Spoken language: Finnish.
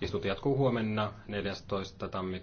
Istut jatkuu huomenna 14. tammikuuta.